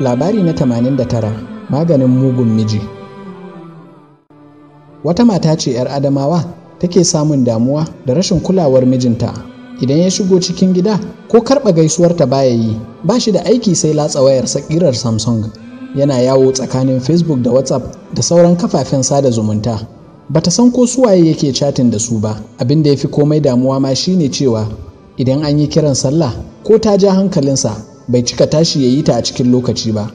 Labari na tamanin da tara, Maganin mugun miji Wata mata ce 'yar Adamawa take samun damuwa da rashin kulawar mijinta idan ya shigo cikin gida ko karɓa gaisuwarta baya yi ba shi da aiki sai latsa wayar sakirar Samsung yana yawo tsakanin Facebook da WhatsApp da sauran kafafen sada zumunta bata san ko su waye yake chatin da su ba abin da ya fi komai damuwa ma shine cewa idan an yi kiran sallah ko ta ja hankalinsa bai cika tashi ya yi ta a cikin lokaci ba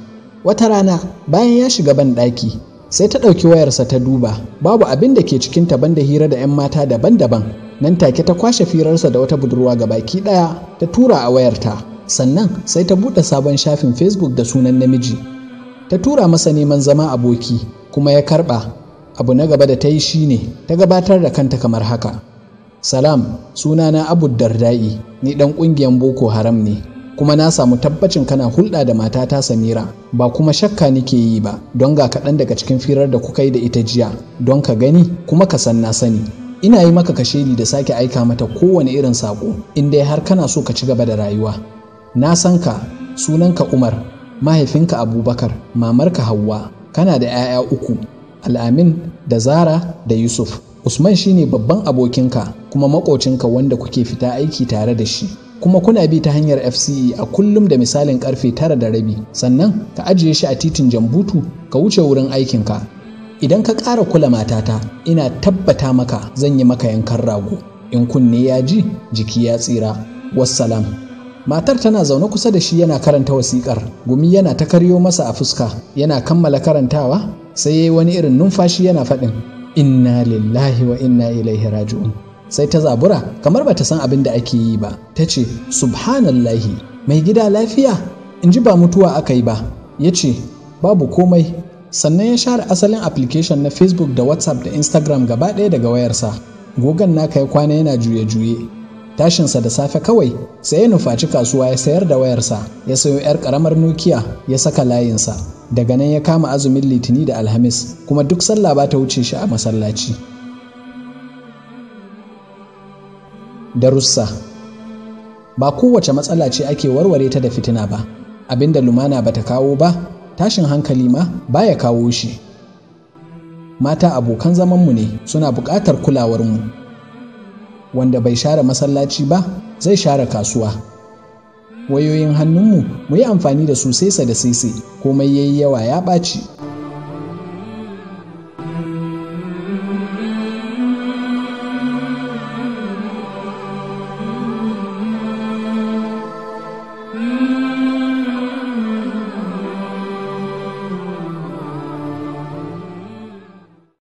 wata rana bayan ya shiga ban ɗaki sai ta ɗauki wayarsa ta duba babu abin da ke cikin ta banda hira da 'yan mata daban-daban nan take ta kwashe firarsa da wata budurwa ga baki ɗaya ta tura a wayarta sannan sai ta buɗe sabon shafin facebook da sunan namiji ta tura masa neman zama aboki kuma ya karɓa abu na gaba da ta yi shi ne. ta gabatar da kanta kamar haka salam sunana abu darda'i ni dan ƙungiyar boko haram ne kuma na samu tabbacin kana hulɗa da matata samira ba kuma shakka nike yi ba don ga kaɗan daga cikin firar da kuka yi da ita jiya don ka gani kuma ka san na sani ina yi maka kashedi da sake aika mata kowane irin saƙo in dai har kana so ka ci gaba da rayuwa na san ka sunanka umar mahaifinka abubakar mamarka hauwa kana da 'ya'ya uku al'amin da zara da yusuf usman shine babban abokinka kuma makocinka wanda kuke fita aiki tare da shi kuma kuna bi ta hanyar fce a kullum da misalin karfe tara da rabi sannan ka ajiye shi a titin jambutu ka wuce wurin aikinka idan ka ƙara kula matata ina tabbata maka zan yi maka yankan rago in kunne ya ji jiki ya tsira wassalam matar tana zaune kusa da shi yana karanta wasiƙar gumi yana ta karyo masa a fuska yana kammala karantawa sai ya yi wani irin numfashi yana faɗin inna lillahi wa inna ilaihi raji'un sai ta zabura kamar bata san abin da ake yi ba ta ce subhanallahi mai gida lafiya in ji ba mutuwa aka yi ba ya ce babu komai sannan ya share asalin application na facebook da whatsapp da instagram gaba ɗaya daga wayarsa gogan naka ya kwana yana juye-juye tashinsa da safe kawai sai ya nufaci kasuwa ya sayar da wayarsa ya sayo 'yar karamar nokia ya saka layinsa daga nan ya kama azumin litini da alhamis kuma duk sallah ba ta wuce shi a masallaci darussa ba kowace matsala ce ake warware ta da fitina ba abin da lumana ba ta kawo ba tashin hankali ma ba ya kawo shi mata abokan zamanmu ne suna buƙatar kulawarmu wanda bai share masallaci ba zai share kasuwa wayoyin hannunmu mu yi amfani da su sesa da sese komai yayi yawa ya ɓaci